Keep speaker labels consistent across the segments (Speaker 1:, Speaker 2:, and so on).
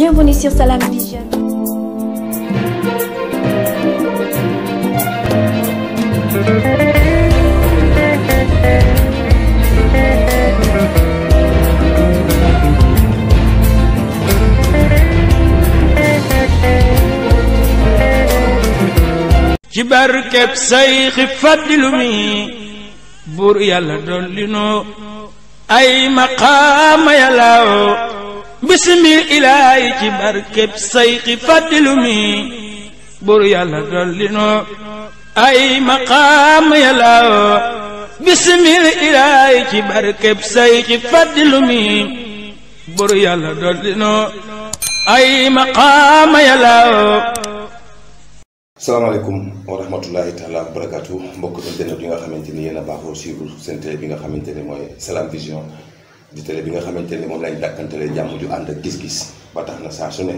Speaker 1: Bienvenue
Speaker 2: sur Salam Vision. ci barkeb sayxi fàddilu mi buur yàlla dolli noo bisimil ilaahi ci barkeb sayxi fàddilu mi bur yàlla dolli noo ay maqaam yàllaaw bisimil ilaahi ci barkeb sayxi fàddilu mi bur yàlla dolli noo ay maqaam yàllaaw
Speaker 1: salaamaaleykum wa rahmatulahi taala wa barakaatu mbokk internet yi nga xamante ni yéen a baaxoo suivre seen télé bi nga xamante ni mooy Salam Vision di télé bi nga xamante ne moom lañ dàkkantalee jàmm ju ànd ak gis-gis ba tax na saa su ne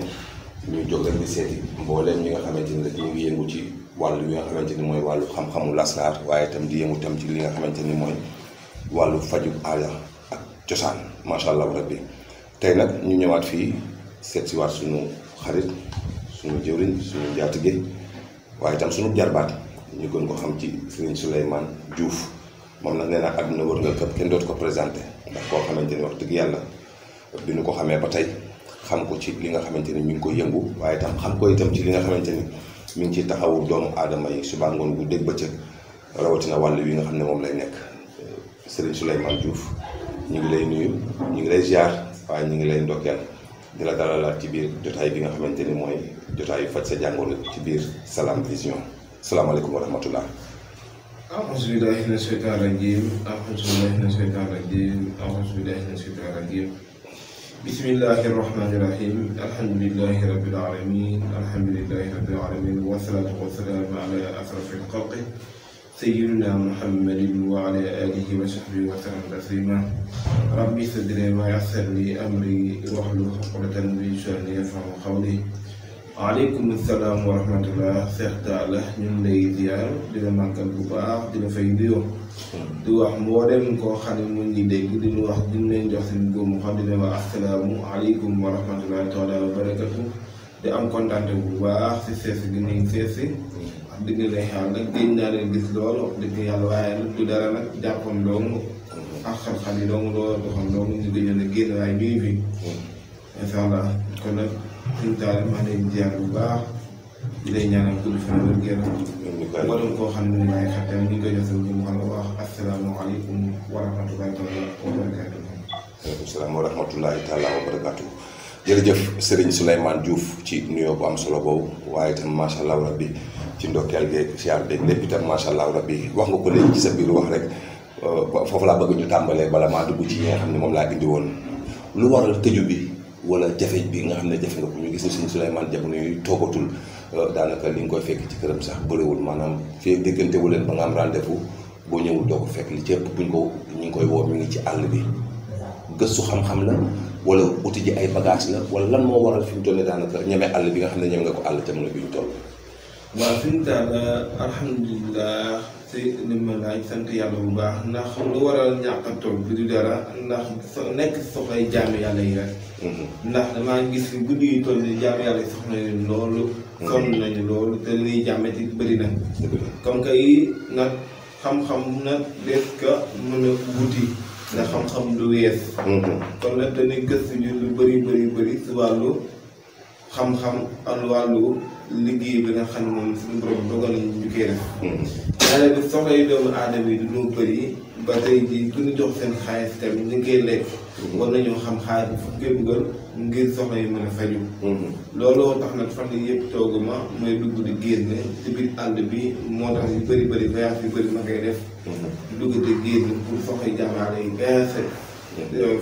Speaker 1: ñu jóg rek di seeti mbooleem ñi nga xamante ni rek ñu yëngu ci wàllu nga xamante ni mooy wàllu xam-xamu lasraar waaye itam di yëngu tam ci li nga xamante ni mooy wàllu faju aada ak cosaan macha allah rabbi tey nag ñu ñëwaat fii seet si waat suñu xarit suñu jëwriñ suñu njaatige waaye itam suñu jarbaat ñu gën ko xam ci Serigne Souleymane juuf moom nag nee naa àdduna wërngal këpp kenn dootu ko présenté ndax koo xamante ni wax dëgg yàlla bi nu ko xamee ba tey xam ko ci li nga xamante ni mi ngi koy yëngu waaye tam xam ko itam ci li nga xamante ni mi ngi ciy taxawu doomu aadama yi suba ngoon gu dégg bëccëg rawatina wàll wi nga xam ne moom lay nekk Serigne Souleymane Diouf ñu ngi lay nuyu ñu ngi lay ziar waaye ñu ngi lay ndokkeel di la dalalaat ci biir jotaay bi nga xamante ni mooy jotaayu faj sa jàngoro ci biir salaam Vision salaamaaleykum wa rahmatullah
Speaker 3: أعوذ بالله من الشيطان الرجيم أعوذ بالله من الشيطان الرجيم أعوذ بالله من الشيطان الرجيم بسم الله الرحمن الرحيم الحمد لله رب العالمين الحمد لله رب العالمين والصلاة والسلام على أشرف الخلق سيدنا محمد وعلى آله وصحبه وسلم تسليما ربي صدري ويسر لي أمري واحلل عقدة من لساني يفهم قولي waaleykum salaam wa rahmatullah Cheikh Talla ñu ngi lay ziar di la màggal bu baax di la fay hmm. di wax mboolem koo xam mu ngi dégg di wax di leen jox seen góomu xam di la aleykum wa rahmatullahi taala di am kontaante bu baax si sees gi nuy sees si hmm. wax dëgg la xaal nag génn naa leen gis loolu wax dëgg yàlla waaye nag du dara nag jàppoon doomu hmm. ak xam-xam loolu doxam doomu ñu ko jënd génn waaye ñu ngi fi incha allah ñun daal maa koo xam ne maay xatam
Speaker 1: wa rahmatulahi taala wa barakatuh. waaleykum salaam wa rahmatulahi taala wa ci nuyoo solo boobu waaye itam macha allah rabbi ci ndokkeel geeg siyaar beeg lépp itam macha allah rabbi wax nga ko léegi ci sa biir wax rek euh, foofu laa bëgg ñu tàmbalee bala maa dugg ci yi nga moom laa indi woon lu waral tëju bi. wala jafe bi nga xam ne jafe nga ko ñu gis si suñu Souleymane jamono yu toogatul euh, daanaka li nga koy fekk ci këram sax bëriwul maanaam fee déggante wu leen ba nga am rendez-vous boo ñëwul doo ko fekk li ci ëpp buñ ko ñu ngi koy woo mi ngi ci àll bi gëstu xam-xam la wala uti ji ay bagage la wala lan moo waral fi mu toll ne daanaka àll bi nga xam ne ñeme nga ko àll jamono bi ñu toll. waaw
Speaker 3: fi mu daal alhamdulilah. si ni ma laaj sant yàlla bu baax ndax lu waral ñàkk a toog bi du dara ndax so nekk soxlay jaamu yàlla yi mhm. guddi yu toll nii soxla nañu loolu. Mhm. sonn nañu loolu te liy jàmmee ci bëri na. comme que yi nag xam-xam nag des ka mën a wuti. ndax xam-xam du wees. Mhm. kon nag dañuy gëstu ñu lu bëri bëri bëri si wàllu xam-xam ak wàllu. liggéey bi nga xam ne moom suñu borom dogal nañu ñu koy def. Mm-hmm. aadama yi du ñu bëri ba tey jii ku ñu jox seen xaalis tamit ñu ngi koy lekk. Mm-hmm. war nañoo xam xaalis fu koy dugal ngir soxla yi mën a faju. Mm-hmm. looloo tax nag fan yii yëpp tooguma mooy dugg di génne ci àll bi moo tax yu bëri bëri voyage yu bëri ma koy def. dugg di génne pour soxla yi jàmbaale yi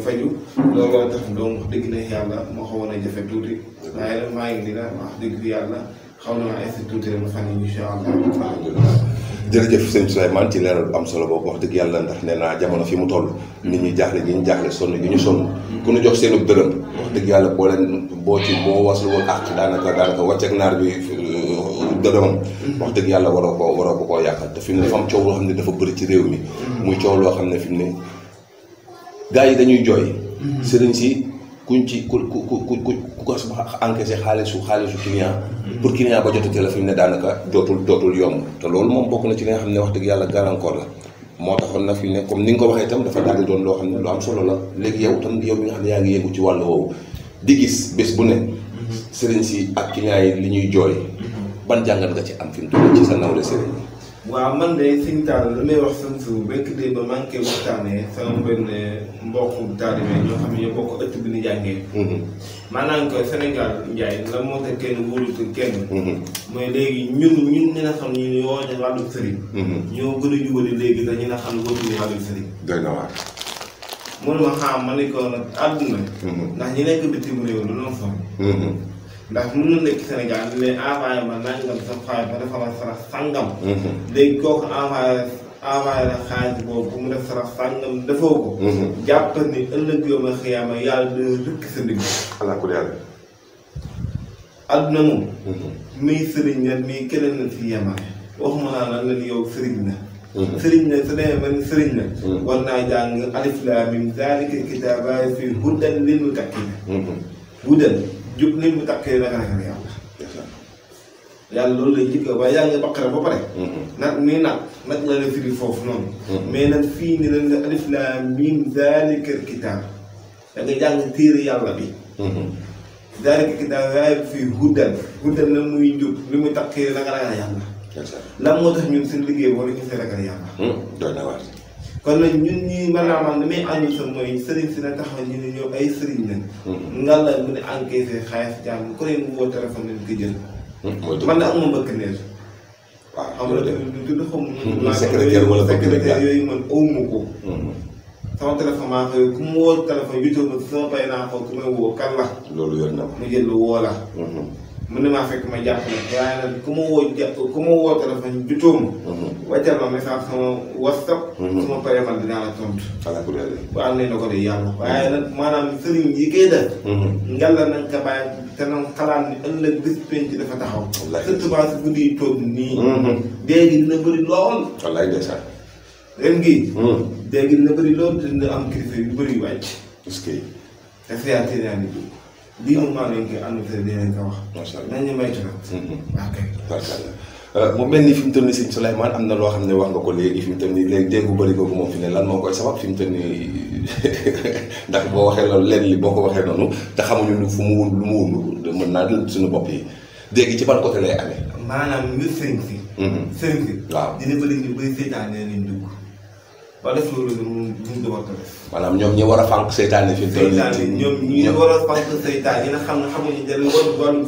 Speaker 3: faju loolu la tax doom wax dëgg na yàlla ma xawoon a jafe tuuti maa dëgg yàlla na ma est tuuti rek ma fan yi
Speaker 1: incha allah jërëjëf ci leeral bu solo boobu wax dëgg yàlla ndax nee naa jamono fi mu toll nit ñi jaaxle gi ñu jaaxle sonn gi ñu sonn ku ñu jox seenub dërëm wax dëgg yàlla boo leen boo ci boo waslu woon àq daanaka daanaka naar bi euh, dërëmam wax dëgg yàlla waroo ko waroo ko koo yàqal te fi mu ne dafa bëri ci réew mi muy coow loo xam ne fi ne gars yi dañuy jooy. Mm-hmm. sëriñ si kuñ ci ku ku ku ku ku ko encaissé xaalisu xaalisu client. Mm-hmm. pour client ba jotati la fi mu ne daanaka dootul dootul yomb te loolu moom bokk na ci li xam ne wax dëgg yàlla gàllankoor la. moo taxoon na fi ne comme ni nga ko waxee tam dafa daal di doon loo xam ne lu am solo la léegi yow tam yow mi nga xam ne yaa ngi yëngu ci wàll woowu di gis bés bu ne. Mm-hmm. sëriñ si ak client yi li ñuy jooy. ban jàngat nga ci am fi mu toll ci sa
Speaker 3: waaw man de sëñ Talla li may wax sën su béykat ba maa ngi waxtaanee sama benn mbokku taalibe ñoo xam ne ñoo bokk ëtt bi ñu jàngee. Mhm. maanaam que Sénégal Ndiaye la moo tax kenn wóolutul kenn. Mhm. mooy léegi ñun ñun ñi nga ñun yoo xam wàllu mhm. ñoo gën a jubali léegi sax ñi nga xam ne wóoluñu wàllu sëriñ. na waar. mënuma xam ma ne ko nag àdduna. ndax ñi nekk bitim réew lu noonu sonn. ndax mënul nekk Sénégal mais envoyé ma nangam sa xaalis dafa la sarax sangam. Mhm. léegi kooku envoyé envoyé la boobu bu mu sarax sangam defoo ko. Mhm. jàpp ëllëg yoo ma yàlla dina rëkk sa digg. allah adduna moom. muy mhm. sëriñ la muy keneen la si yemaay waxuma naa lan la ni yow sëriñ la. sëriñ la sëriñ la. war naa alif laam miim zaalika kitaab fii hudan lil muttaqiin. hudan. jub nañ mu takkee naka naka yàlla. yàlla loolu lay njëkk waaye yàlla nga baqara ba pare. Mm-hmm. nag nii nag nag la la firi foofu noonu. Mm-hmm. mais nag fii nii dañ la alif laam miim zaalika kitaab da nga téere yàlla bi. Mm-hmm. zaalika kitaab waaye fii huddan huddan la muy njub li muy takkee naka naka yàlla. lan moo tax ñun seen liggéey boo la ñu ragal
Speaker 1: yàlla.
Speaker 3: kon nag ñun ñii maanaam man li may àndul mooy sëriñ si na taxaw ñu ne ñoom ay sëriñ lañ. Mm-hmm. ngal la mu ne encaissé xaalis jàmm ku ne mu woo téléphone lañ ko jël. Mm-hmm. mooy man nag amuma bëkk mm-hmm. ko. sama téléphone maa xëy ku mu woo téléphone yu taw ma sama naa ko ku may woo kan la. loolu yor na mu jël woo la. mën na maa fekk ma jàppale waaye nag ku ma woo jàpp ku ma woo téléphone jutoo ma. Mhm. wàccal ma message sama whatsapp. Mhm. su ma paree man dinaa la tontu. alhamdulilah waaw na ko de yàlla. waaye nag maanaam sëriñ yi koy def. Mhm. ngalla nañ ko bàyyi te nañ xalaat ni ëllëg bis dafa taxaw. wallaahi surtout si guddi yi nii. dee dina bëri lool. wallaahi de sax. ren gii. dee dina bëri lool dina am kilifa yu bëri yu wàcc. est-ce que. te seeyaat yi bii moom maa ngi koy ànd
Speaker 1: te dinañ ko wax. macha allah nañu may turam. Mhm. waaw euh, mel ni fi mu nii sëñ Souleymane am na loo xam ne wax nga ko léegi fi mu toll nii léegi dégg bu bëri googu moom fi ne lan moo koy sabab fi mu nii ndax boo waxee loolu lenn li boo ko waxee noonu te xamuñu lu fu mu wund lu mu wund mën naa dund suñu bopp yi dégg ci ban côté lay amee.
Speaker 3: maanaam mbir sëriñ
Speaker 1: si. Mhm. sëriñ si. waaw
Speaker 3: dina bëri ñu bëri seetaan nañ leen dugg. ba def loolu rek mu mu doon
Speaker 1: ko maanaam ñoom ñi war a fànq seytaane fi. seytaane ñoom ñi
Speaker 3: war a fànq seytaane yi nga xam na mm-hmm.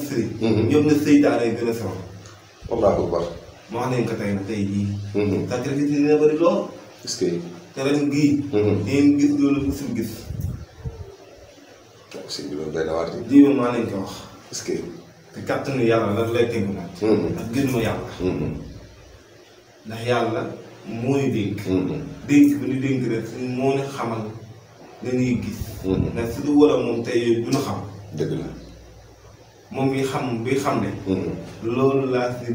Speaker 3: seytaane gën a sama. wallaahu akbar. ma wax nañ tey nag tey jii. Mm-hmm. sacrifice dina bëri lool. est que. te ren gii. Mm-hmm. dinañ gis loolu musul gis.
Speaker 1: waaw ah, sëñ bi loolu benn waat yi.
Speaker 3: lii moom maa nañ ko wax. ndax yàlla. mooy dénk. Mm-hmm. dénk bi ñu dénk rek moo mm-hmm. ñu xamal dañuy gis. ndax la mm-hmm.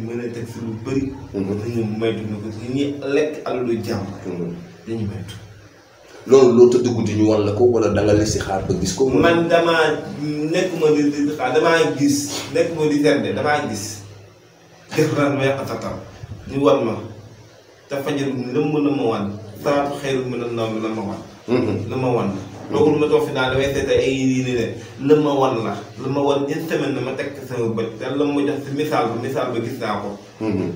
Speaker 3: mën a teg si lu bëri. dañu moytu
Speaker 1: loo tëdd guddi ñu ko wala da nga gis ko. man
Speaker 3: damaa nekkuma di di damaa gis nekkuma di seet damaa gis. def naa ma yàq sa taw ñu ma. te fajar lëmm la ma wan. salaatu xayrun mina nawmi la ma wan. la ma wan. loolu ma toog fi daal damay seet ay yéen ne la wan la la wan une semaine na ma teg sama bët te la misaal ba misaal ba gis naa ko. Mm-hmm.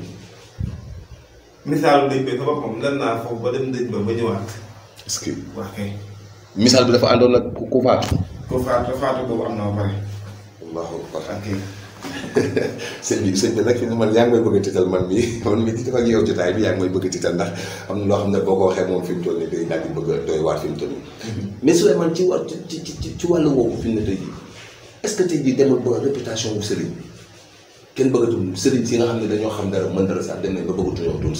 Speaker 3: misaal dëj ba sa boppam naa foofu ba dem dëj ba
Speaker 1: ñëwaat. misaal bi dafa àndoon nag ku faatu. ku faatu faatu boobu am na ba pare. allahu akbar sëñ bi sëñ bi nag fi mu man bëgg a tiital man mi man bi yaa ngi may bëgg am ne boo ko waxee moom fi mu toll nii day daal que tey jii demul ba réputation bu sëriñ kenn bëggatul sëriñ si nga xam ne dañoo xam dara mën dara sax dem nañ ba bëggatuñoo doon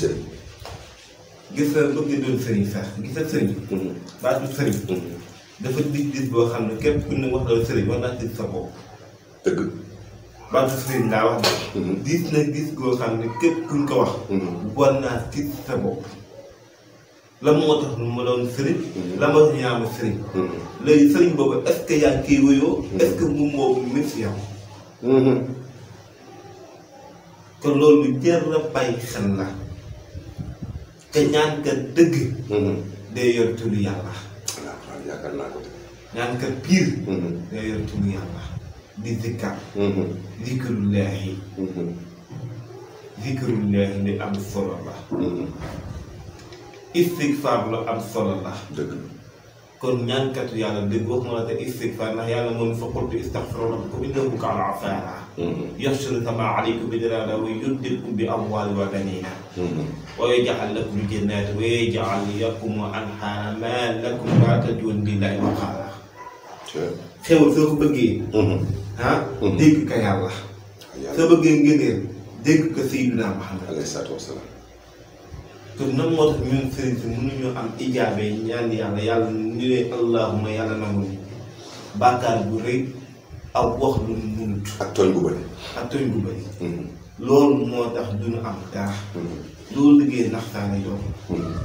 Speaker 3: gis nga bëgg doon sëriñ sax gis nga sëriñ. Mm-hmm. baatu sëriñ. Mm-hmm. dafa dig dig boo xam ne képp ku ne wax doon sëriñ war naa dëgg banque sëriñ laa wax de. diis na diis goo xam ne képp kuñ ko wax. Mhm. war naa tiit sa bopp. lan moo tax ma doon sëriñ. Mhm. la ma doon ñaama sëriñ. Mhm. léegi kon loolu jar na bàyyi xel ñaan ka dëgg. day yor yàlla. waaw naa ko. ñaan ka pire. day yor yàlla. di zikkar mm-hmm. zikrullahi mm-hmm. zikrullahi li am solo la mm-hmm. istigfaar lu am solo la kon ñaankatu yàlla dëgg wax ma la te istigfaar ndax yàlla moom fa qultu istaghfiru rabbakum innahu kaana ghaffara yaxshuru samaa alaykum bidraara wa yumdidkum bi amwaal wa baniina wa yaj'al lakum jannaat wa yaj'al lakum anhaara maa lakum laa tarjuuna lillaahi waqaara xewal soo ko bëggee ah. Mhm. dégg ka yàlla. sa bëggee ngëneel dégg ka Seydina Muhammad.
Speaker 1: alayhi salaatu
Speaker 3: moo tax ñun sëriñ si mënuñoo am ijaabe ñaan yàlla yàlla ñu ne allahuma yàlla nangu ni bàkkaar bu rëy ak wax lu munut. ak tooñ bu bëri. Mhm. loolu moo tax duñu am dara. Mhm. loolu liggéey naxtaane yoon.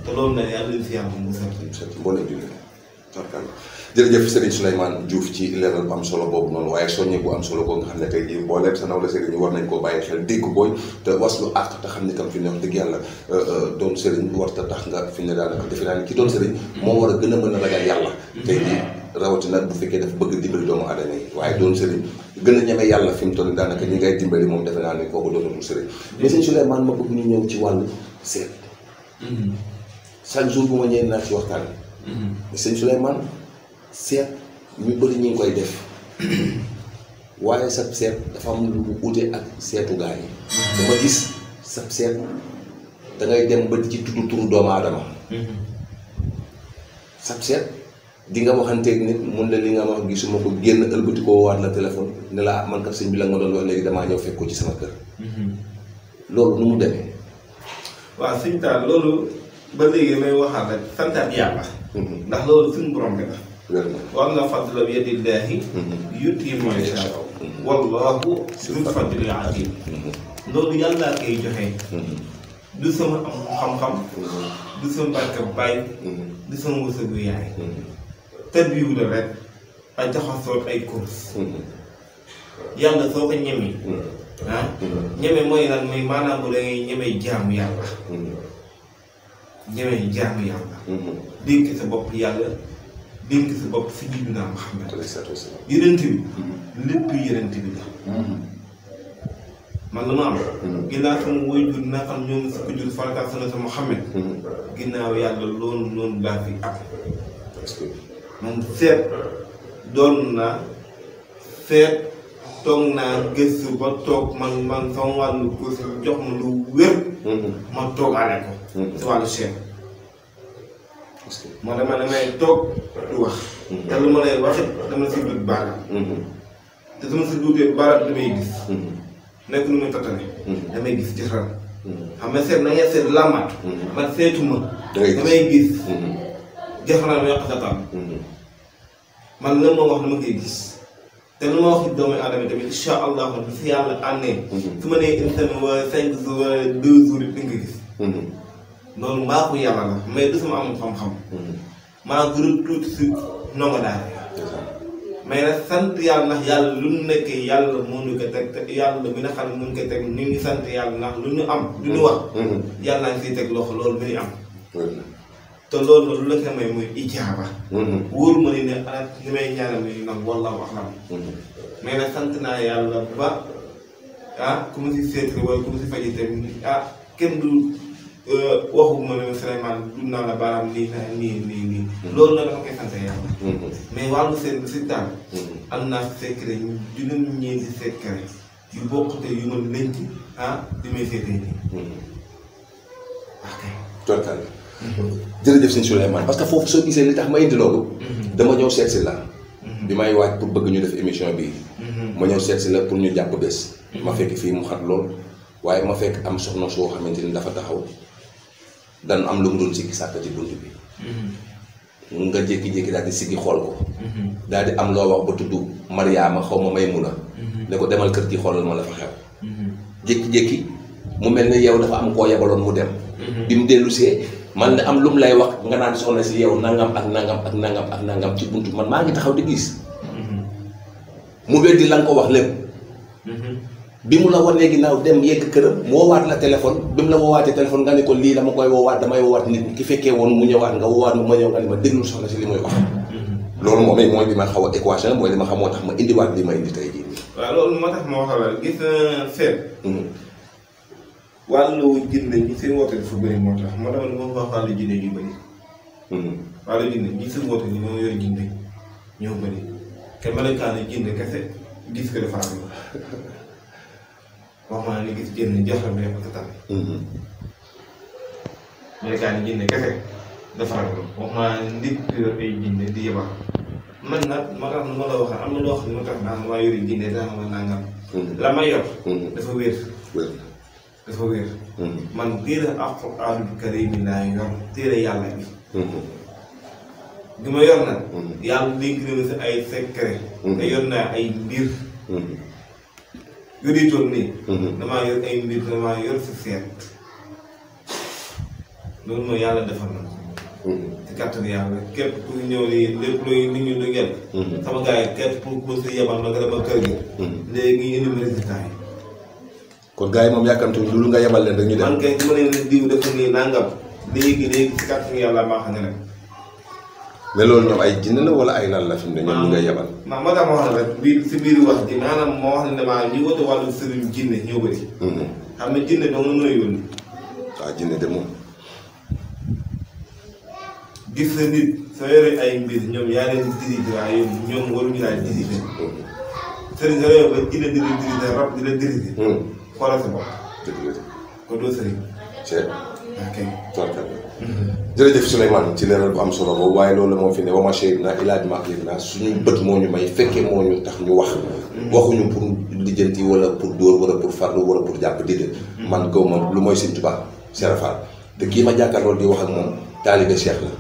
Speaker 3: te loolu nag yàlla nañu si yàlla musal. mboolem
Speaker 1: jullit. tarkal jërëjëf Serigne Souleymane Diouf ci leeral bu am solo boobu noonu waaye soññe bu am solo ko nga xam ne tey jii mbooleem sa naw la Serigne war nañ koo bàyyi xel dégg booy te waslu àq te xam ne kam fi ne wax dëgg euh, euh, war ta tax nga fi ne daanaka defe naa ne ci doon Serigne moo war a gën a mën a ragal yàlla tey jii bu fekkee dafa bëgg dimbali doomu adama yi waaye doon Serigne gën a ñeme yàlla fi mu toll daanaka ñi ngay dimbali moom defe naa ne kooku doonatul Serigne mais Serigne ñu ñëw ci wàllu seet
Speaker 2: mm-hmm.
Speaker 1: jour bu ma ñëwee naa ci waxtaan sëñ Souleymane seet ñu bëri ñu ngi koy def waaye sab seet dafa am lu mu ak seetu gaa yi dama gis sab seet da dem bët ci tuddu turu doomu aadama sab seet di nga nit mun la li nga wax gisuma ko génn ëlbati koo waat la téléphone ne ah, man kat sëñ bi la nga doon wax léegi damaa ñëw fekk ci sama kër mhm. loolu nu mu demee
Speaker 3: waaw sëñ Tall loolu ba léegi may waxaat rek santaat yàlla. Mm-hmm. ndax loolu suñu borom la. war na fadla bi yadillaahi mm-hmm. yuti ma yashaa mm-hmm. wallahu zul fadli azim loolu yàllaa koy joxe. du sama am xam-xam. du sama barke baay. du sama wërsëgu yaay. tarbiyu la rek a jaxasoo ay course. yàlla soo ko ñemee. ah mooy lan mooy maanaam bu da ngay yàlla. ñëwee jaamu yàlla. Mm-hmm. dénk sa bopp yàlla dénk sa bopp fi Sayyidinaa Muhammad. yonent bi mm-hmm. lépp yonent bi la. Mm-hmm. man la ma am. ginnaaw sama waajur naa xam ñoom si ko jur farata sana sa Muhammad. yàlla loolu noonu laa fi am. man seet doon naa seet toog naa gëstu ba toog man man sama wàllu ko jox ma lu wér. ma toogaale ko. si wàllu seen. moo dama damay toog du wax. Mmh. te lu ma lay wax dama si dut baaraam. Mmh. te su si duutee baaraam damay gis. Mmh. nekk lu muy damay gis ci xar. xam nga seet na ngay seet làmmaat. man seetuma. damay gis jafe naa ma yàq sa taal. man lan moo wax dama gis. te lu ma wax doomu aadama tamit incha allah fi yàlla àndee. su ma nee une semaine wala cinq jours wala deux jours loolu mbaaxu yàlla la mais du sama amul xam-xam. Hmm. maa gërëm si ndongo daara. mais nag sant yàlla ndax yàlla lu ñu nekk yàlla moo ñu teg yàlla mi nga teg ñu sant yàlla ndax lu ñu am. lu ñu wax. Hmm. Hmm. yàlla naa ngi teg loxo loolu mi am. te loolu lu la ko may mooy ijaaba. wóor ma ni ne ala ah, li may ñaanal nii nag wallaahu axlam. mais nag sant naa yàlla ba ah ku si seetlu wala si faj itam ah, kenn du. Euh, waxuma ne Souleymane dund naa la baaraam nii na nii nii nii. Mm-hmm. loolu nag dama koy sant yàlla. Mm-hmm. mais wàllu seen si taal. Mm-hmm. am naa si secret ñu juróom ñeenti secret yu bokk te yu mën leen ah, ci may seetee
Speaker 1: parce que foofu soo gisee li tax ma dama ñëw seet la. bi may waaj pour bëgg ñu def émission bi ma ñëw seet la pour ñu jàpp bés. ma fekk fii mu xat lool waaye ma fekk am soxna soo xamante ni dafa taxaw. dan am lu mu doon sikki sàkk ci bunt bi
Speaker 2: mm-hmm.
Speaker 1: nga jékki-jékki dal di siggi xool ko mm-hmm. daal di am loo wax ba tudd Mariama xaw ma Maymuna mm-hmm. ne ko demal kër gi xoolal ma la fa xew jékki-jékki mu mel ne yow dafa am koo yebaloon mu dem bi mu dellu see man na am lu mu lay wax nga naan soxna si yow nangam ak nangam ak nangam ak nangam ci buntu man maa ngi taxaw di gis mu weddi la ko wax lépp bi mu la wanee ginnaaw dem yegg këram woowaat la téléphone bi mu la woowaatee téléphone nga ne ko lii dama koy woowaat damay woowaat nit ñi ki fekkee woon mu ñëwaat nga woowaat mu ma ñëw nga ne ma déglu soxna si li muy wax. Mm-hmm. loolu moom it mooy li ma xaw a équation mooy li ma xam moo tax ma indiwaat li ma indi tey jii.
Speaker 3: waaw loolu moo tax ma waxal la gis na seet. Mm-hmm. wàllu jinne ñi seen woote dafa bëri moo tax ma dama moom wax wàllu jinne ñu bëri. Mm-hmm. wàllu jinne moom yooyu ñoo bëri gis ko waxuma ne li gis jënd jox la mu nekk si melokaan yi jinne kese dafa rek waxuma nit ku man nag ma tax ma la wax am na loo xam ne ma naa ma yori jinne daa la ma yor mm-hmm. dafa wér dafa wér mm-hmm. man téere alxuraanul karim laa yor téere yàlla bi di mm-hmm. ma nag yàlla dénk na si ay secret te yor naa ay mbir yooyu toog nii. Mhm. damaa yor ay damaa yor sa seet. loolu mooy yàlla defal na ko. Mhm. ci kàttan yàlla képp ku ñëw nii lépp luy ñu du ngeen. Mhm. sama gars yi képp ku ko si yebal nga demal kër gi. léegi ñu indi
Speaker 1: kon gars yi moom yàkkamte loolu nga yebal leen dañu ñu dem. man
Speaker 3: kay ku ma diw def nii nangam léegi léegi ci kàttan yàlla baax na rek.
Speaker 1: mais loolu ay jinn la wala ay lan la fi mu ne ñoom ñu ngay yebal.
Speaker 3: ndax moo wax la rek biir si biir wax ji maanaam moo wax ne maanaam ñi woote wàllu sëriñ jinne ñoo bëri. Mm-hmm. xam ne jinne doo mën a yónni. jinne de moom. gis na nit soo yore ay mbir ñoom yaa leen dirige waaye yow ñoom waruñu laa dirige. Mm-hmm. sëriñ sa yow ba jinne di la dirige rab di la dirige. Mm-hmm. xoolal sa bopp. dëgg la ko doo sëriñ.
Speaker 1: c'est. ok. jërëjëf Souleymane ci leeral bu am solo boobu waaye loolu moo fi ne wama chahid naa ilaaj ma yëg naa suñu bët moo ñu may fekkee moo ñu tax ñu wax waxuñu pour lijjanti wala pour dóor wala pour farlu wala pour jàpp déedéet man gaw ma lu mooy Sëñ Tuubaa serafal te kii ma jàkkaarloo di wax ak moom taalibe Cheikh la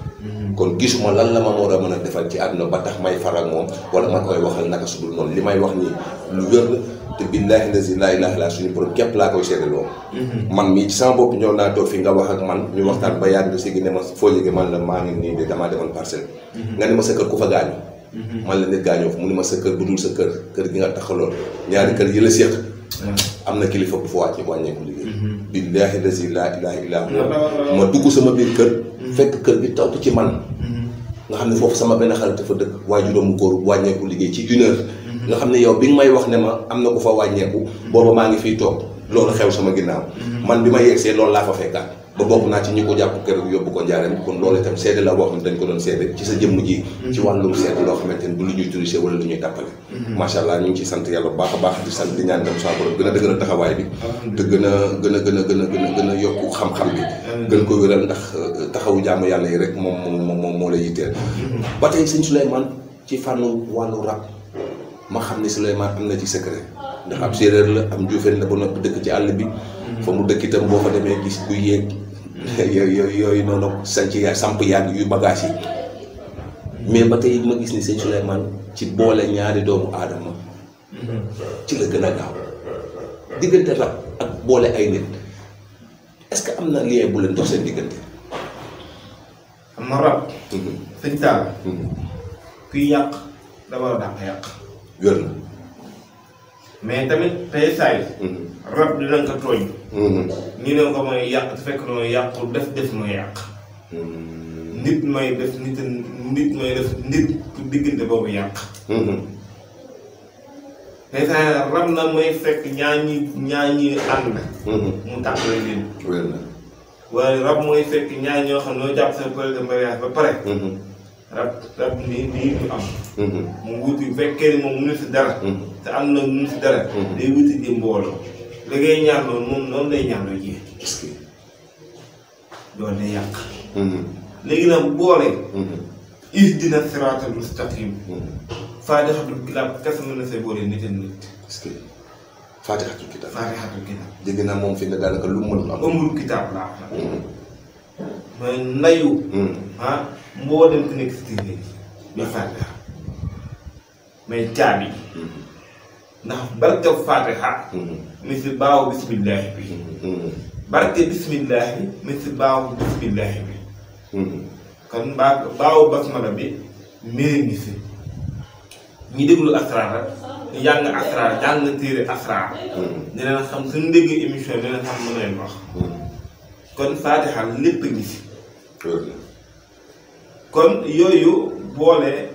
Speaker 1: kon gisuma lan la ma war a mën a defal ci àdduna ba tax may faral moom wala ma koy waxal naka sudul noonu li may wax nii lu wér la te billaahi lazi laa ilaaha illaa suñu borom képp laa koy seede loo mhm. man mii ci sama bopp naa toog fi nga wax man ñu waxtaan ba yàgg si gi ne ma foo man la maa nii de damaa demoon parcelle mhm. nga ma sa kër ku fa mhm. man la nit gaañoo fa ma sa kër bu sa kër kër gi nga taxaloon ñaari kër yi la séq am na kilifa bu fa wàcce wàññeeku liggéey billaahi lazi laa ilaaha illaa ma dugg sama biir kër fekk kër gi tawtu ci man nga xam ne foofu sama benn xarit dafa dëkk waaye juróomu góor wàññeeku liggéey ci une nga xam ne yow bi nga may wax ne ma am na ku fa wàññeeku. booba maa ngi fiy toog loolu xew sama ginnaaw. Mm-hmm. man bi may yegsee loolu laa fa fekkaat. ba bokk naa ci ñi ko jàpp kër yóbbu ko njaaram kon loolu itam seede ko doon seede ci sa jëmm ji. Mm-hmm. ci wàllum seede loo xamante ni du lu ñuy tourisé wala lu ñuy tàppale. macha mm-hmm. allah ñu ngi ciy sant yàlla bu baax a baax di sant di ñaan dem saa borom gën a dëgëral taxawaay bi. te gën a gën a gën a gën a gën a gën a xam-xam bi. gën ko wéral ndax uh, taxawu jàmm yàlla yi rek moom moom moo moo lay yitteel. ba tey sëñ Souleymane ci fànnu wàllu rab ma xam ni Souleymane am na ci secret ndax ab séeréer la am juufeen la ba noppi dëkk ci àll bi fa mu dëkk itam boo fa demee gis kuy yéeg yooyu yooyu noonu sanc ya samp yàgg yu bagage yi mais ba tey ma gis ni sëñ Souleymane ci boole ñaari doomu aadama ci la gën a gaaw diggante rab ak boole ay nit est-ce que am na lien bu leen dox seen diggante am na rab mhm. sëñ taal mhm.
Speaker 3: kuy yàq da war dàq yàq wér na. mais tamit tey saa mm-hmm. rab dinañ ko tooñ. ñu
Speaker 1: mm-hmm.
Speaker 3: ne mooy yàq fekk mooy yàq def def mooy yàq.
Speaker 2: Mm-hmm.
Speaker 3: nit mooy def nit nit mooy def nit pour diggante boobu yàq. tey saa rab na mooy fekk ñaar ñi ñaar ñi mu tàqale leen. wér waaye rab mooy fekk ñaar xam noo jàpp seen projet mariage ba pare. rab rab lii lii du am. mu mhm. wuti bu fekkee ni moom mënu si dara. Mhm. te am na mënu si dara. Mhm. day wuti di mbooloo. li ngay ñaan loolu moom noonu lay ñaan loo ji. parce que loolu day yàq. léegi nag bu boolee. ihdina siraatal mustaqim. faatixatul kitaab kese mën na see boole nit ak nit.
Speaker 1: parce que faatixatul kitaab. faatixatul kitaab. dégg naa moom fi ne daanaka lu mu mënul am.
Speaker 3: ëmbul kitaab laa xam. mooy ndayu. ah. mboolem ku nekk si biir nit fatiha may caabi ndax barke fatiha mi si baaw bisimilahi bi barke bisimilahi mi si baaw bisimilahi bi kon baa baaw basmala bi miir ngi si ñi déglu asraar jàng asraar jàng téere asraar mm-hmm. dina xam suñu déggee émission dina xam mën leen wax mm-hmm. kon fatiha lépp ngi si kon yooyu boole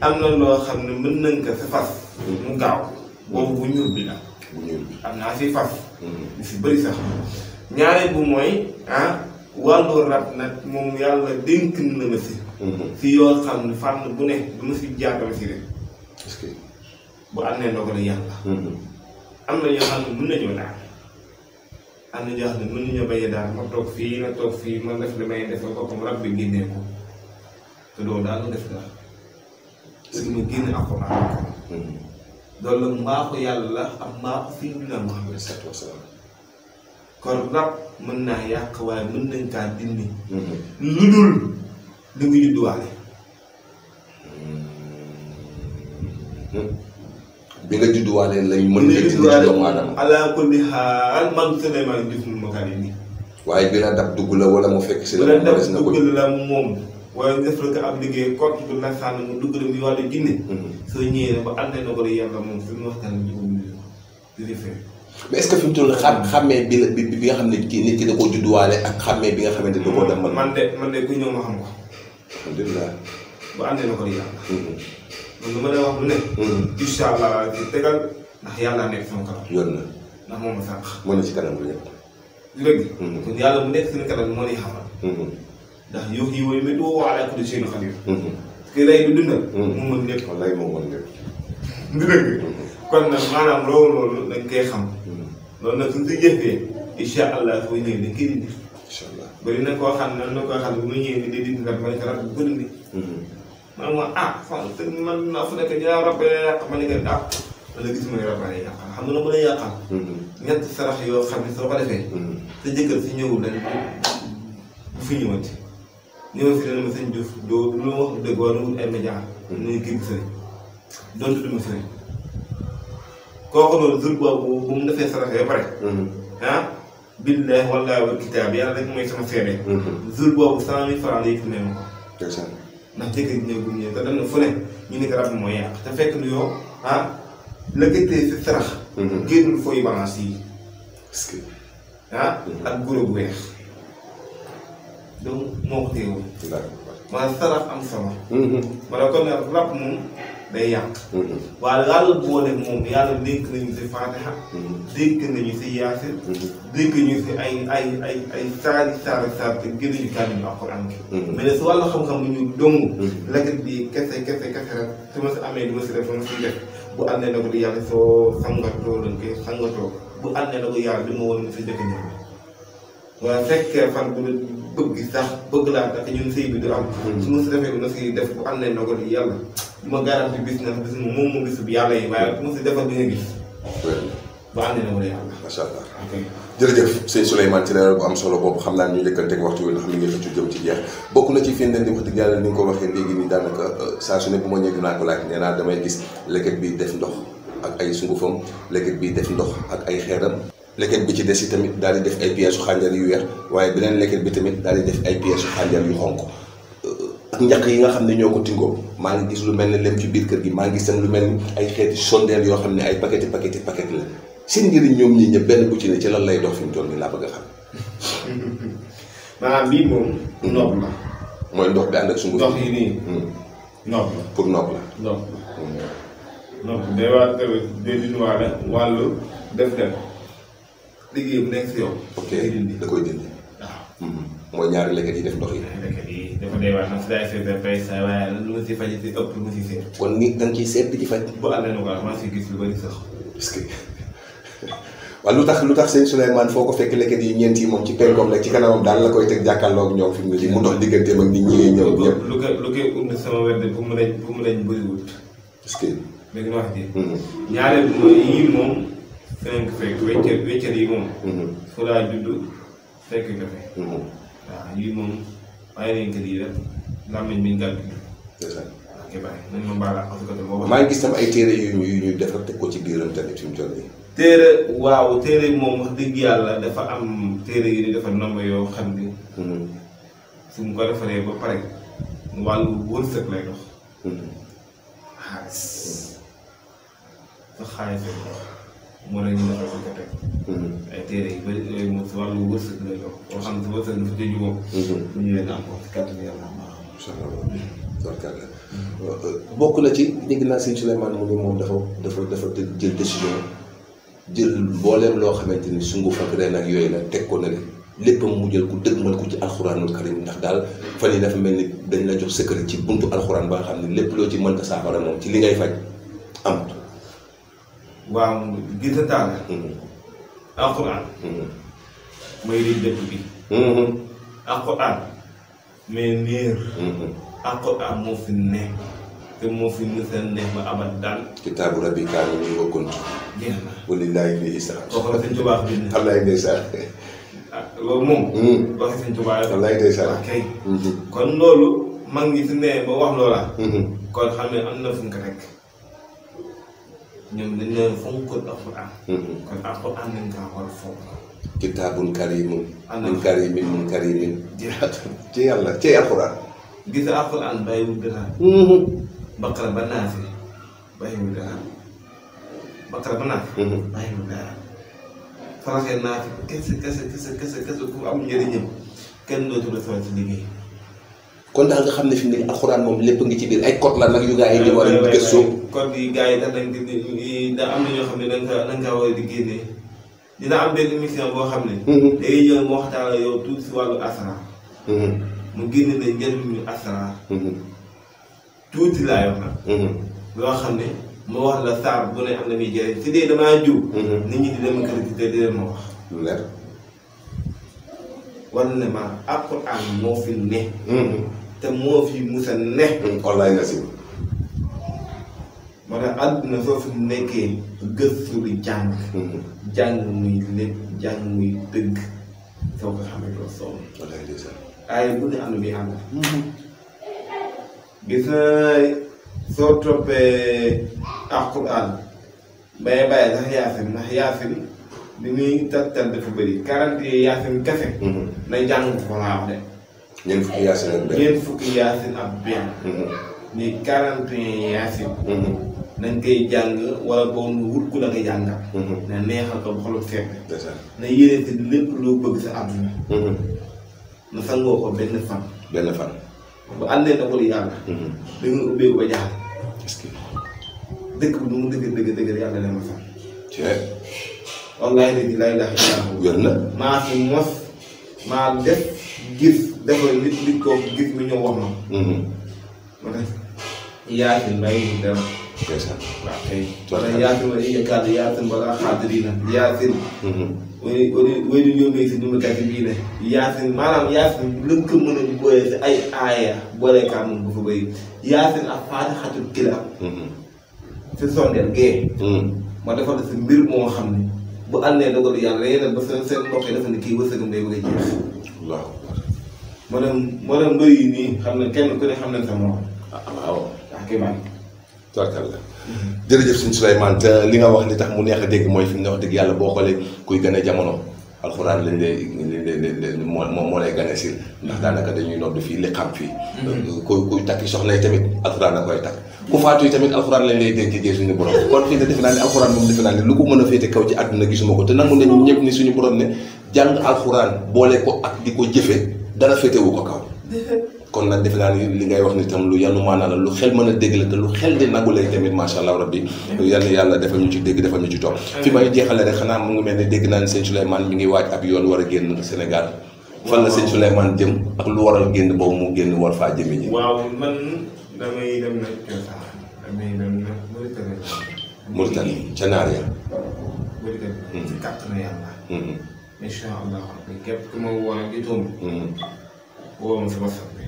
Speaker 3: am na loo xam ne mën nañ ko fi faf mu gaaw boobu bu bi la am naa fi faf lu hmm. fi bëri sax ñaareel bu mooy ah yàlla dénk na si si hmm. yoo xam ne bu ne du ma si jàngale si rek bu hmm. am na ñoo xam ne mën nañoo daal am na ñoo xam ne mën nañoo bañ daal ma toog fii na toog fii ma def li may def boppam rab bi génnee te loolu daal la def daal su ma génn alxuraan loolu la mbaaxu yàlla ak mbaaxu fi ñu naan Muhammad sallallahu alayhi wa sallam kon rab mën naa yàq waaye mën nañ kaa dindi. Mhm. lu dul li mu judduwaale.
Speaker 1: Mhm. bi nga judduwaale lay mën a dindi doomu aadama
Speaker 3: ala kulli xaal man Souleymane Diouf mu kaa dindi.
Speaker 1: waaye bi la dab dugg la wala mu fekk si la. mu des na ko
Speaker 3: la moom. wala nga def la ko am liggéey kooku du la sànn mu dugg la mu wàllu mhm. soo ñëwee ba ànd na ko de yàlla moom fi mu di
Speaker 1: bi nga xam ne kii nit ki da koo bi nga xamante ne da koo demal. man man de ma xam ko. de yàlla. Mhm.
Speaker 3: man lu ma wax lu ne. Mhm. incha allah di tegal ndax yàlla nekk sama kanam. yor na ndax moo ne kanam moo lay xamal. ndax yuhyi wa yumiitu wa huwa alaa kulli shay'in qadiir. ki lay dundal. Mm-hmm. mu mën lépp wallay moo mën lépp. du dëgg mm-hmm. kon nag maanaam loolu loolu dañ koy xam. Mm-hmm. loolu nag suñ si jëfee incha allah fooy ñëwee dañ koy dindi. incha allah bari na koo xam ne nan la koo xam ne bu ma ñëwee nii day dindi kat ma ne ko rab bu ko dindi. man ma ah fan te man naa fu nekk jaa rab ya yàq ma ne ko ah wala gis ma ne rab ya yàqal xam nga la mën a yàqal. ñett sarax yoo xam ne soo ko defee. sa jëkkër si ñëwul dañ bu fi ñëwati. ñëw si leen ma sëñ Diouf doo lu ma wax dëgg wala wut ay média nañu kii bi sëriñ donte du ma sëriñ kooku noonu jur boobu bu mu defee saraxee ba pare mm-hmm. ah mm-hmm. na fu ne ñu ne ko mooy yàq te fekk lu yow ah, la gëttee si sarax mm-hmm. génnul fooy balance yi ah ak guro bu weex donc moo ko téye woon. maanaam saraf am sama. Mm-hmm. maanaam kon nag rab moom day yàq. Mm-hmm. waaye laal boole moom yàlla dénk nañu si Faatiha. Mm-hmm. dénk nañu si Yaasin. dénk ñu si ay ay ay ay saari saari saar te génnuñu kàddu Alxuraan gi. mais nag si wàllu xam-xam bu ñu dong. lagat bi kese kese kese rek su ma si amee du si def ma si def bu àndee na ko di yàlla soo sangatoo lañ koy sangatoo bu àndee na ko yàlla li ma woon si njëkk ñëw. waaye fekk fan bu bëgg sax bëgg laa tax ñun sëy bi du am. Mm. su ma si defee ko na si def bu am ne na ko di yàlla ma garanti bis na bis mu moom mu bisub yàlla yi waaye su ma si defal
Speaker 1: gis. bu solo boobu xam naa ñu njëkkanteeg waxtu wi nga bokk na ci fi ñu di wax yàlla ni nga ko waxee léegi nii daanaka euh, saa su ne bu ma ñëw dinaa ko laaj nee naa damay gis leket bi def ndox ak ay sungufam leket bi def ndox ak ay xeeram leket bi ci des yi tamit daal di def ay pièces su xànjar yu weex waaye beneen leket bi tamit daal di def ay pièces su xànjar yu xonk ak njaq yi nga xam ne ñoo ko tingoo maa ngi gis lu mel ne lem ci biir kër gi maa ngi gis tam lu mel ni ay xeeti sondeel yoo xam ne ay paqueti paqueti paquet la seen njëriñ ñoom ñii ñëpp benn bu ci ne ci lan lay dox fi mu nii laa bëgg a xam.
Speaker 3: maanaam bii moom.
Speaker 1: nopp la. mooy ndox bi ànd ak sunguf. yi nii. Hmm. pour nopp la.
Speaker 2: nopp
Speaker 3: hmm. ok da koy
Speaker 1: dindi waaw. Mm-hmm. mooy ñaari lekkat yi def ndox yi. lekkat yi
Speaker 3: dafa dee wax na kon ni da nga seet di ci faj. bu àll na quoi maa si gis lu bari sax. parce que
Speaker 1: waaw lu tax lu tax sëñ Souleymane foo ko fekk lekkat yi ñeent yi moom ci penkoom la ci kanamam daal la koy teg jàkkaarloo ak ñoom fi mu ne mu dox digganteem ak nit ñi ñëw ñëpp. lu ko lu koy
Speaker 3: undi sama werde bu parce que. léegi ma mm-hmm. feneen mhm. fekk wéccër wéccër yi moom. fu laa judd fekk ko fe mhm. waaw yii moom bàyyi nañ ko lii la làmmiñ bi ñu dal. maa gis tam ay téere
Speaker 1: yu ñu defar teg ko ci biiram tamit fi mu toll
Speaker 3: téere waaw téere moom wax dëgg yàlla dafa am téere yu ñu defar nomba yoo xam ni. Mhm. suñ ko defaree ba pare wàllu wërsëg lay dox. lay dox. moo leen ñu mm-hmm. xam
Speaker 1: ne si mm-hmm. mm-hmm. euh, euh, bokk na ci dégg naa sëñ Souleymane mu ne moom dafa dafa dafa jël décision jël mbooleem loo xamante ni sunguf ak ren ak yooyu la teg ko na léppam mu jël ku dëgmal ko ci alxuraanul karim ndax daal fa yi dafa mel ni dañ la jox secret ci buntu alxuraan ba nga xam ne lépp loo ci mënta saafara moom ci li ngay faj am waaw gisataan alquran mooy lii
Speaker 3: dëkk bi mm-hmm. alquran mais niir mm-hmm. alquran moo fi ne te moo fi musa ne ma amal daal kitaabu rabbika ni wa kuntu
Speaker 1: walillahi li isa kooku la sëñ Tuubaa bi wallaay ndeysaan
Speaker 3: ah, loolu moom mm-hmm. waxi sëñ Tuubaa la wallaay ndeysaan kon loolu mag ngi si ne ba wax loola kon xam ne am na fu ko rek ñoom dañ leen fonkoon alxuraan. Mm-hmm. kon alxuraan nañ kaa
Speaker 1: war a fonk. kitaabun kariimun. min kariimin min kariimin. ci yàlla ci alxuraan. gis alxuraan bàyyiwul mm-hmm. dara. Baqara ba Naafi mm-hmm. bàyyiwul dara. Baqara ba Naafi. bàyyiwul dara.
Speaker 3: faraxee Naafi kese kese kese kese ku
Speaker 1: am njëriñam kenn dootu la ci liggéey. kon daal nga xam ne fi ne alxuraan moom lépp ngi ci biir ay code la nag yu gars yi di war a gëstu
Speaker 3: code yi gars yi di da xam ne da nga war a di génne dina am benn boo xam ne mhm. day ñëw mu waxtaan la tuuti si wàllu mhm. mhm. nag loo xam ne mu wax la saar bu ne am na muy jëriñ si dee damaa jiw nit ñi di dem critiquer di leen ma wax lu leer war na ma alxuraan moo fi ne te moo fi musa ne. wallaay nga si. moo tax àdduna soo fi nekkee gëstu di jàng. Mm-hmm. jàng muy lépp jàng muy dëgg soo ko xamee doo sonn. wallaay ndeysaan. waaye bu ñu ànd bi ànd. Mm-hmm. gis na soo toppee alquran bay bàyyi sax yaasin ndax yaasin li muy tattal dafa bëri quarante yaasin kese. Mm-hmm. na jàng ko laa wax de.
Speaker 1: ñeent fukki yaasin ak benn ñeent
Speaker 3: fukki yaasin ak benn. Mm-hmm. ni quarante yaasin. Mm-hmm. nañ koy jàng wala boo wut ku la nga jàngal. Mm-hmm. neexal ko xolum seet. na yéene si lépp loo bëgg sa àdduna. na sangoo ko benn fan. benn fan. bu àndee na ko yàlla. da nga ubbee ba que dëkk bi nu mu dëgg dëgg dëgg yàlla dama fan. c' est. wallaahi la ilaha illallah. wér na. maa fi mos maa def. gis dafa nit nit ko gis mu ñëw wax ma. ma ne yaasin bàyyi dara. ndeysaan waaw kay. wala yaasin wala yëkkaat yaasin yaasin. wéy wéy wéy du yónnee si bii ne. yaasin maanaam yaasin lañ ko mën a si ay aaya boolee kàmm bu fa bëri yaasin ak faatixatul kila. Mm-hmm. si sondeel gee. Mm-hmm. ma defal si mbir moo xam ne bu àndee dogalu yàlla yeneen ba seen seen mbokk yi dafa ne kii wërsëgam day bëgg a jeex. waaw ma ne ma ne mbër yi nii xam ne kenn ku ne xam nañ sa morom.
Speaker 1: ah waaw ah kay man. tubarkalla mm-hmm. jërëjëf suñu Souleymane te li nga wax li tax mu neex a dégg mooy fi mu ne dëgg yàlla boo xoolee kuy gën a jamono alxuraan lañ lay lañ moo lay gën si ndax daanaka dañuy nodd fii li xam fii. Mm-hmm. kuy kuy takki soxna tamit alxuraan la koy takk. ku faatu yi tamit alxuraan lañ lay dénk jee suñu borom kon fii de defe naa ne alxuraan moom defe naa ne lu ko mën a féete kaw ci àdduna gisuma ko te nangu nañu ñëpp ni suñu borom ne jàng ak naa li ngay wax ni tam lu yanu maanaa la lu xel mën a dégg la te lu xel di nangu lay tamit macha allah rabbi yal na yàlla defal ñu ci dégg defal ñu ci topp fi may jeexale rek xanaa mu ngi mel ne dégg naa ne sëñ Souleymane mi ngi waaj ab yoon war a génn Sénégal fan la sëñ Souleymane jëm ak lu waral génn boobu mu génn war faa jëme ji waaw
Speaker 3: Mauritanie ca naar ya ci kàttanu hmm. yàlla. Hmm. incha allah képp ku ma woo ak itam. Hmm. woo ma sama sàbbi.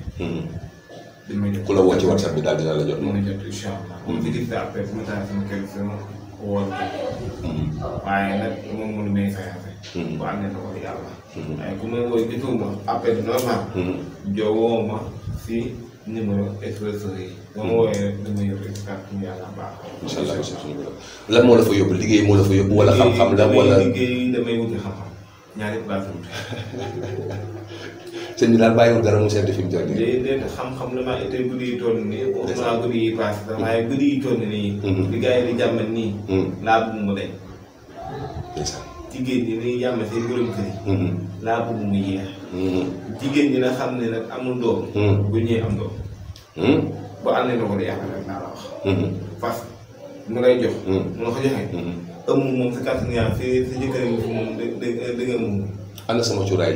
Speaker 3: ku la woo ci whatsapp bi daal dina la jot. dina jot incha allah. di gis daal bu ma taal sama kër sama woo waaye nag moom mënu may fayal. bu ànd na ko yàlla. waaye ku ma woo itam appel normal. joo woo ma si numéro expresseur yi. ba ma wooyee rek dama yóbbu kàttan yàlla baax. incha allah incha allah lan moo la fa yóbbu liggéey moo la fa yóbbu. wala xam-xam la wala liggéey damay wuti xam-xam ñaari baax la
Speaker 1: sëñ bi daal bàyyiwul dara mu seetlu fi mu jot nii. li
Speaker 3: mm-hmm. gars nii. Mm-hmm. laa bëgg mu deñ. jigéen ñi dañuy mm-hmm. xam ne amul doom. bu ñuy am doom. ba ànd nañu ko de yàq nag mhm. mhm. ko joxee. Mhm. ëmm
Speaker 1: nga sama cuuraay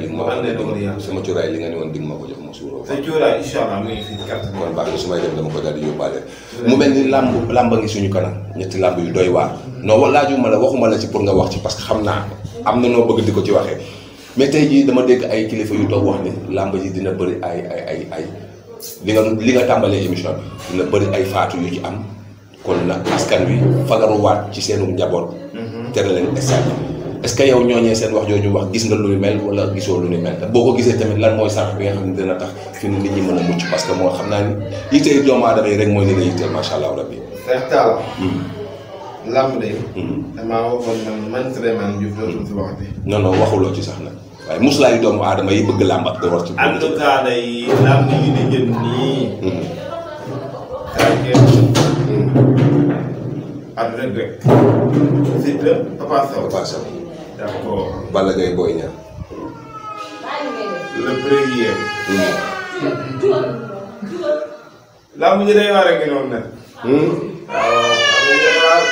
Speaker 1: li nga ne woon di nga ma ko jox ma suuroo. te cuuraay incha allah mi ngi fi ngi suñu kanam ñetti làmb yu doy waar. non wa laajuma la waxuma la ci pour nga wax ci parce que xam naa am na noo bëgg di ko ci waxee mais tey jii dama dégg ay kilifa yu toog wax ne làmb ji dina bëri ay ay ay ay li nga li nga tàmbalee émission bi dina bëri ay faatu yu ci am kon na askan wi fagaruwaat ci seenu njaboot. Mhm. tere leen stade bi est-ce que yow ñooñee seen wax jooju wax gis nga lu ni mel wala gisoo lu ni mel boo ko gisee tamit lan mooy sànq bi nga xam ne dina tax fi mu nit ñi mën a mucc parce que moo xam naa ni yitteel doomu aadama yi rek mooy li la yitteel macha allah rabbi. Cheikh Talla. Hmm. Lamb de. Hmm.
Speaker 3: Hmm.
Speaker 1: waxuloo ci sax nag. waaye muslaayu doomu aadama yi bëgg làmb ak door ci. en tout yi di jëm nii. Hmm. ak Reug
Speaker 3: Reug. Siteu Papa Sow. Papa Sow. Boy Niang. le premier. Hmm. làmb ji day waar ak noonu nag. Hmm. Ah, waaw làmb ji day waar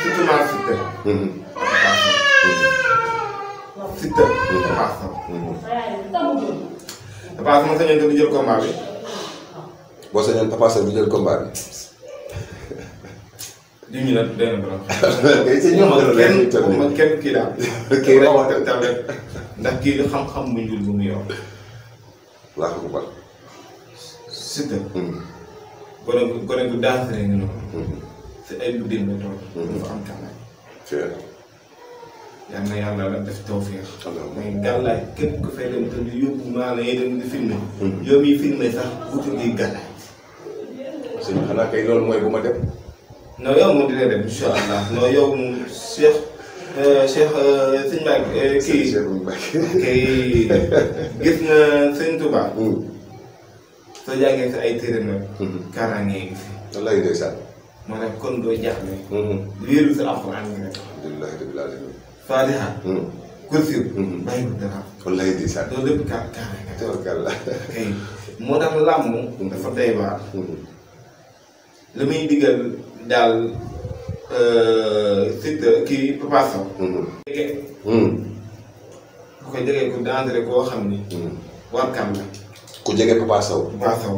Speaker 3: surtout maa Siteu. Siteu. Papa Sow.
Speaker 1: Papa Sow ma sañoon te du jël combat bi. boo sañoon Papa Sow du jël combat bi. li ñu naan benn borom. kenn kenn
Speaker 3: kenn kii daal. kii rek wax tamit ndax kii lu xam-xam mu ñuul bu mu yor. wax ko ba. Siteu. Hmm. gone gu gone gu dansé nañu noonu. te hmm. ay lu démb la toll. dafa am tànn. yal na yàlla la def tawféex. mais gàllaay képp ku fay dem te ñu yóbbu maanaam yéen dem di filmé. Mm-hmm. yow miy filmé sax utul di gàllaay. sëñ bi kay loolu mooy bu ma dem. non yo moom dina dem incha allah non yow moom Cheikh euh, Cheikh euh, sëñ Mbacké. Euh, kii Cheikh Mbacké kii gis na sëñ Touba. Mm-hmm. soo jàngee sa ay téere nag. Mm-hmm. kaaraange yi fi. wallaay ndeysaan. ma ne kon doo jaaxle. wéeru sa alxuraan ngi nekk. alhamdulilah rabbil alamin Fatiha. Hmm. kursi. Hmm. bàyyi ko dara. wallaahi di saa loolu lépp kaar kaar. tabarkalla. kay moo tax làmb. Hmm. dafa doy waar. li muy digal daal euh, Siteu kii Papa Sow. jege. ko jege ku dangereux koo xam ni. warkam la. ku jege Papa Sow. Papa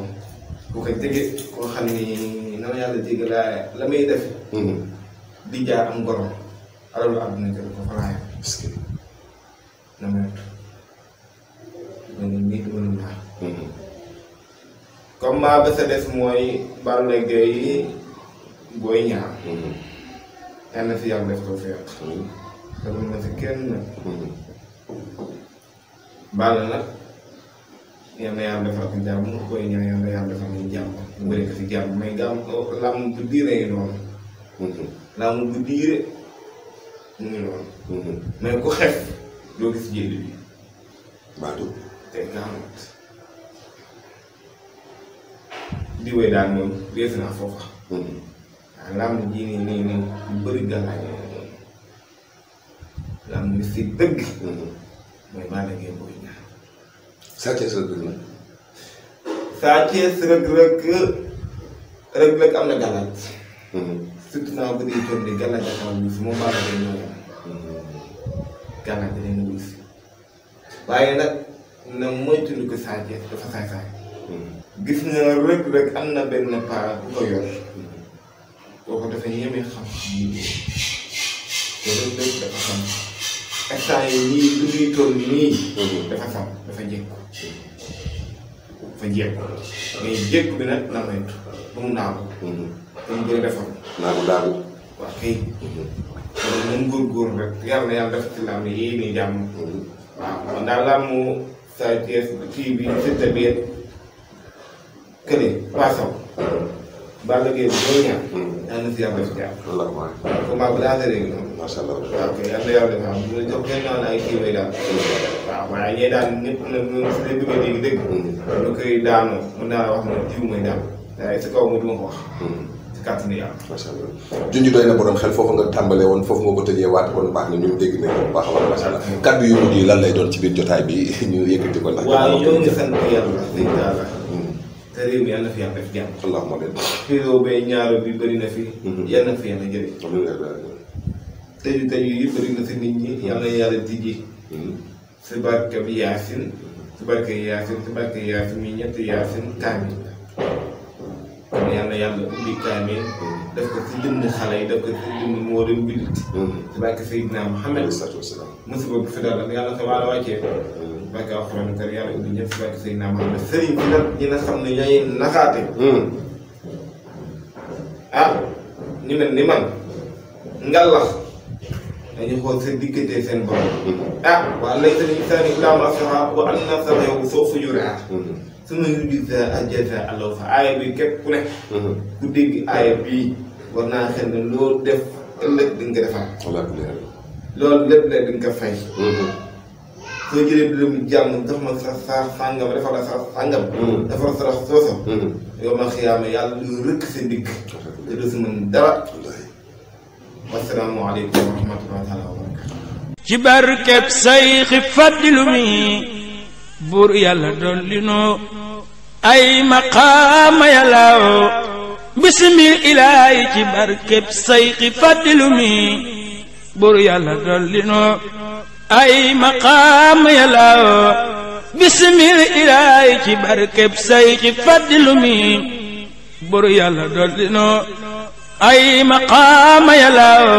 Speaker 3: ko jege koo xam ni na ma yàlla jege laa la may def. di jaar am gorom. alalu àdduna te dafa faraayam parce que na moytu mel ni mënul naa maa ba sa des mooy Balla Gaye Boy Niang mm-hmm. yal na si yàlla def ko feex te si kenn mm-hmm. nag nag yal na yàlla defal ko jàmm Boy Niang yal na yàlla defal ko jàmm mu bëri ko si jàmm may gàmm làmm bu diire yi noonu mm-hmm. làmm bu diire mu ngi noonu. mais ku xef doo gis jënd bi. baatu. te gàmmut. di wéy daal moom weesu naa foofa. ah làmb ji nii nii moom lu bëri gàllaay moom moom. làmb bi si dëgg. mooy Balla Gaye Boy Niang.
Speaker 1: Sa Thiès Reug Reug nag.
Speaker 3: Sa Thiès Reug Reug Reug Reug am na gàllaaj. Hmm. surtout naa bëri jot di gàllaaj ak am bi su ma Balla Gaye gànnaar bi dinañ wut waaye nag na moytuñu ko Sa dafa saay saay. Hmm. gis na Reug Reug am na benn para bu ko yor. Hmm. kooku dafa ñeme xam te Reug Reug dafa xam instant nii lu muy toll nii. Hmm. dafa xam dafa jékku. dafa jékku mais jékku bi nag na moytu ba mu naagu. ba mu gën
Speaker 1: naagu daagu. waaw
Speaker 3: kay. loolu moom góorgóorlu rek yàlla na yàlla def ci la am yéene jàmm. waaw man mu sa Thiès kii bi Siteu kële Paasaw.
Speaker 2: Balla Gaye booy ñaar. Mm. yaa ngi si yàlla def jàmm. wallaahi
Speaker 3: comment bu daa tëree noonu. macha allah waaw kay yàlla na yàlla def am bu la jox ngeen naan ay kii way daal. Mm. waaw waaye ñee daal ñëpp nag ñun su dee duggee léegi dëgg. lu koy daanoo mën naa wax ne jiw mooy daal. waaye si kaw mu du ko kàttan yàlla.
Speaker 1: macha allah junj doy na borom xel foofu nga tàmbalee woon foofu nga ko tëjee waat kon baax na ñun dégg nañ ko bu baax a baax allah mm-hmm. kaddu lan lay doon ci biir jotaay bi ñu yëkkati ko. ndax waaw ñoo ngi la. Mm-hmm.
Speaker 3: te réew mi yàlla na fi yàlla def jàmm. allahumma leen. xiiroo bee ñaaro bi kon yal na yàlla ubbi kaamil def ko ci dënn xale yi def ko ci dënn moo doon bind. ci barke Seydina Muhammad sallallahu alayhi wa sallam. musiba bu fi dal yàlla ko waala wàccee ko. Mm-hmm. barke alxuraan kër yàlla ubbi ñëpp ci barke Seydina Muhammad sëriñ bi nag ñi nga xam ne ñooy naxaate. Mm-hmm. ah ñu mel ni man ngalax dañuy xool seen diggante seen borom. Mm-hmm. ah waa laysa lil insaani illaa maa sa'aa wa anna sa'yahu sawfa yuraa sama rubrique sa ak jël sa àllaw fa aaya bi képp ku ne. Mhm. ku dégg aaya bii war naa xel ne loolu def ëllëg di ko defal. wallaahi loolu lépp lépp ko fay. Mhm. soo jëlee dërëm jàmm jox ma sa sa sàngam defal la sa sàngam. Mhm. defal sa soosa. yow ma xiyaama yàlla du rëkk sa ndigg. te du si mën dara. wasalaamualeykum wa rahmatulah wa
Speaker 2: barakatu. ci barkeb say xi fàddilu buur yàlla ay maqaama yàllaaw bisimil ilaahi barkeb sayxi fàddilu mi buur ay maqaama yàllaaw bisimil ilaahi barkeb sayxi fàddilu mi buur ay maqaama yàllaaw